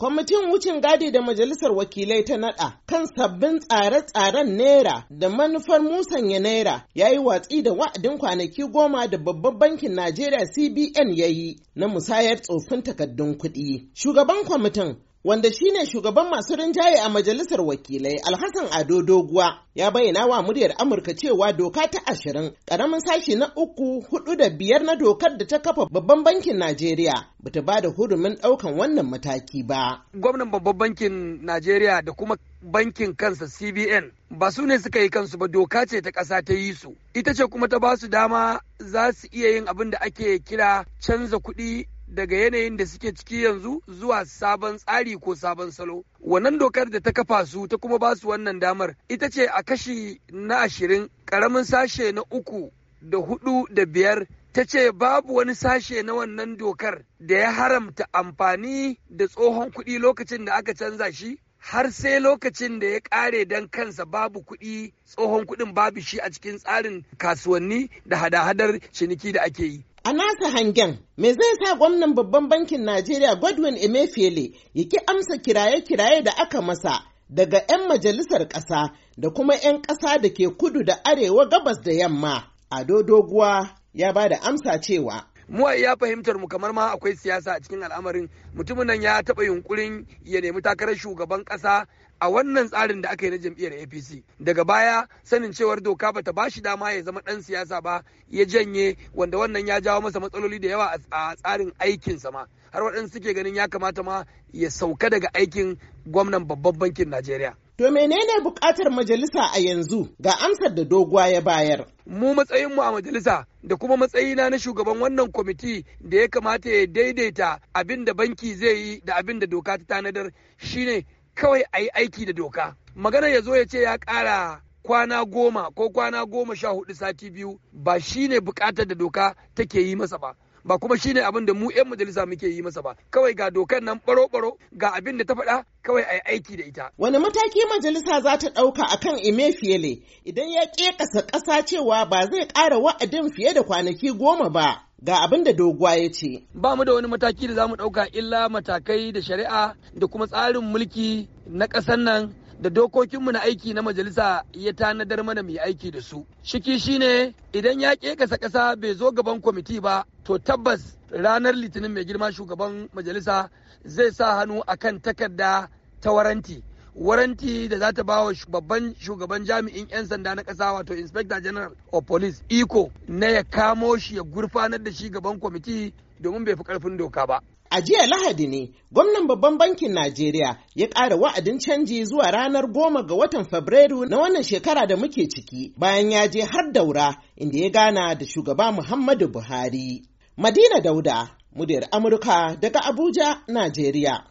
Kwamitin wucin gadi da Majalisar Wakilai ta naɗa kan sabbin tsare-tsaren Naira da manufar musanya Naira ya yi watsi da wa'adin kwanaki goma da babban bankin Najeriya CBN ya yi na musayar tsofin takardun kuɗi. Shugaban kwamitin wanda shine shugaban masu rinjaye a majalisar wakilai alhassan ado doguwa ya bayyana wa muryar amurka cewa doka ta ashirin karamin sashi na uku hudu da biyar na dokar da ta kafa babban bankin najeriya bata ba da hurumin daukan wannan mataki ba gwamnan babban bankin najeriya da kuma bankin kansa cbn ba su ne suka yi kansu ba doka ce ta ƙasa ta yi su ita ce kuma ta ba su dama za su iya yin abin da ake kira canza kuɗi daga yanayin da suke ciki yanzu zuwa sabon tsari ko sabon salo wannan dokar da ta kafa su ta kuma ba su wannan damar ita ce a kashi na ashirin karamin sashe na uku da hudu da biyar ta ce babu wani sashe na wannan dokar da ya haramta amfani da tsohon kuɗi lokacin da aka canza shi har sai lokacin da ya ƙare don kansa babu kuɗi tsohon kuɗin babu shi a cikin tsarin kasuwanni da hada-hadar ciniki da ake yi A nasa hangen, me zai sa gwamnan babban bankin Najeriya Godwin Emefiele ya ki amsa kiraye-kiraye da aka masa daga 'yan majalisar ƙasa da kuma 'yan ƙasa da ke kudu da arewa gabas da yamma. Ado Doguwa ya ba da amsa cewa mu a iya fahimtar mu kamar ma akwai siyasa a cikin al'amarin mutumin nan ya taba yunkurin ya nemi takarar shugaban ƙasa a wannan tsarin da aka yi na jam'iyyar apc daga baya sanin cewar doka bata ba shi dama ya zama ɗan siyasa ba ya janye wanda wannan ya jawo masa matsaloli da yawa a tsarin aikinsa ma har waɗansu suke ganin ya kamata ma ya sauka daga aikin gwamnan babban bankin najeriya To menene bukatar majalisa a yanzu ga amsar da doguwa ya bayar? Mu matsayinmu a majalisa da kuma matsayina na shugaban wannan kwamiti da ya kamata ya daidaita abin da banki zai yi da abin da doka ta tanadar shine kawai a yi aiki da doka. Magana ya zo ya ce ya ƙara kwana goma ko kwana goma sha hudu sati biyu ba shine bukatar da doka take yi masa ba. ba kuma shine abin da mu 'yan majalisa muke yi masa ba kawai ga dokar nan baro-baro ga abin da ta faɗa kawai a aiki da ita. Wani mataki majalisa za ta ɗauka a kan idan ya ƙeƙasa ƙasa cewa ba zai ƙara wa'adin fiye da kwanaki goma ba. Ga abin da doguwa ya ce. Ba mu da wani mataki da za mu ɗauka illa matakai da shari'a da kuma tsarin mulki na ƙasar nan da dokokinmu na aiki na majalisa ya tanadar mana mu aiki da su. Shiki shine idan ya kekasa kasa bai zo gaban kwamiti ba to tabbas ranar litinin mai girma shugaban majalisa zai sa hannu a kan takarda ta waranti. waranti da za ta bawa babban shugaban jami'in 'yan sanda na ƙasa wato inspector general of police iko na ya kamo shi ya gurfanar da shi gaban kwamiti domin bai fi karfin doka ba A jiya Lahadi ne, gwamnan babban bankin Najeriya ya ƙara wa'adin canji zuwa ranar goma ga watan Fabrairu na wannan shekara da muke ciki bayan ya je har daura inda ya gana da shugaba Muhammadu Buhari. Madina Dauda, muryar Amurka daga Abuja, Najeriya.